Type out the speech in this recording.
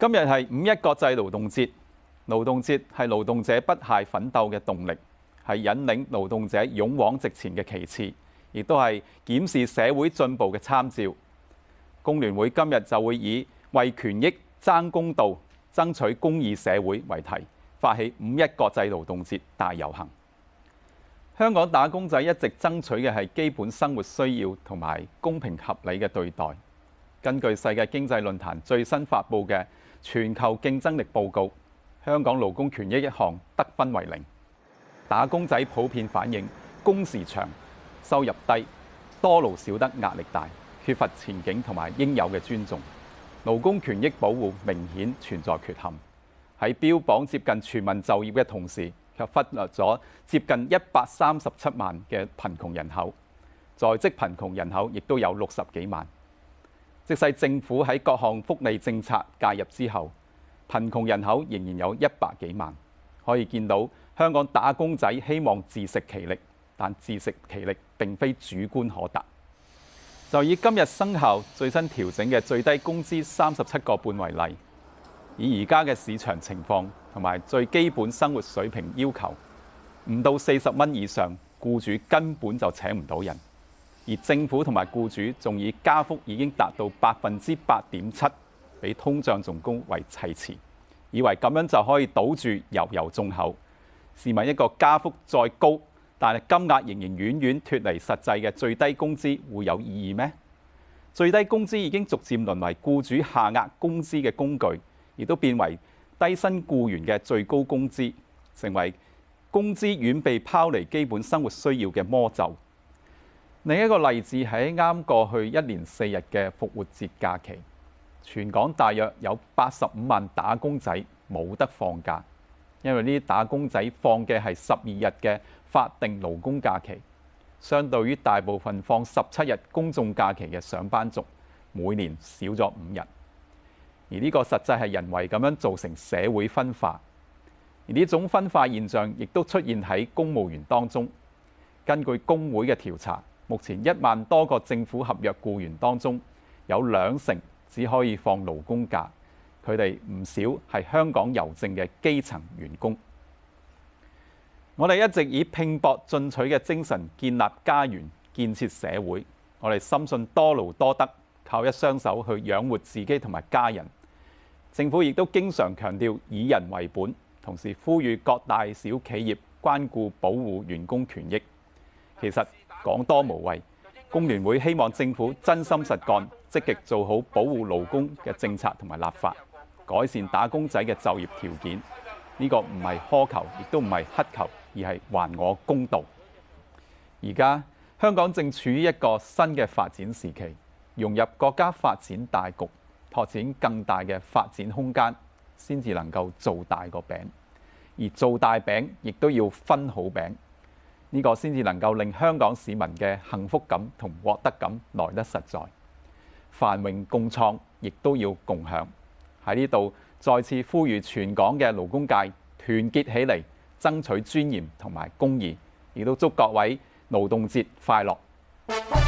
今日係五一國際勞動節，勞動節係勞動者不懈奮鬥嘅動力，係引領勞動者勇往直前嘅旗幟，亦都係檢視社會進步嘅參照。工聯會今日就會以為權益爭公道、爭取公義社會為題，發起五一國際勞動節大遊行。香港打工仔一直爭取嘅係基本生活需要同埋公平合理嘅對待。根據世界經濟論壇最新發布嘅全球競爭力報告，香港勞工權益一項得分為零。打工仔普遍反映工時長、收入低、多勞少得、壓力大、缺乏前景同埋應有嘅尊重。勞工權益保護明顯存在缺陷。喺標榜接近全民就業嘅同時，卻忽略咗接近一百三十七萬嘅貧窮人口，在職貧窮人口亦都有六十幾萬。即使政府喺各項福利政策介入之後，貧窮人口仍然有一百幾萬。可以見到香港打工仔希望自食其力，但自食其力並非主觀可達。就以今日生效最新調整嘅最低工資三十七個半為例，以而家嘅市場情況同埋最基本生活水平要求，唔到四十蚊以上，僱主根本就請唔到人。而政府同埋僱主仲以加幅已經達到百分之八點七，比通脹仲高為砌詞，以為咁樣就可以堵住悠悠眾口。市民，一個加幅再高，但係金額仍然遠遠脫離實際嘅最低工資會有意義咩？最低工資已經逐漸淪為僱主下壓工資嘅工具，亦都變為低薪僱員嘅最高工資，成為工資遠被拋離基本生活需要嘅魔咒。另一個例子喺啱過去一連四日嘅復活節假期，全港大約有八十五萬打工仔冇得放假，因為呢啲打工仔放嘅係十二日嘅法定勞工假期，相對於大部分放十七日公眾假期嘅上班族，每年少咗五日。而呢個實際係人為咁樣造成社會分化，而呢種分化現象亦都出現喺公務員當中。根據工會嘅調查。目前一萬多個政府合約僱員當中有兩成只可以放勞工假，佢哋唔少係香港郵政嘅基層員工。我哋一直以拼搏進取嘅精神建立家園，建設社會。我哋深信多勞多得，靠一雙手去養活自己同埋家人。政府亦都經常強調以人為本，同時呼籲各大小企業關顧保護員工權益。其實。講多無謂，工聯會希望政府真心實幹，積極做好保護勞工嘅政策同埋立法，改善打工仔嘅就業條件。呢個唔係苛求，亦都唔係乞求，而係還我公道。而家香港正處於一個新嘅發展時期，融入國家發展大局，拓展更大嘅發展空間，先至能夠做大個餅。而做大餅，亦都要分好餅。呢個先至能夠令香港市民嘅幸福感同獲得感來得實在，繁榮共創，亦都要共享。喺呢度再次呼籲全港嘅勞工界團結起嚟，爭取尊嚴同埋公義，亦都祝各位勞動節快樂。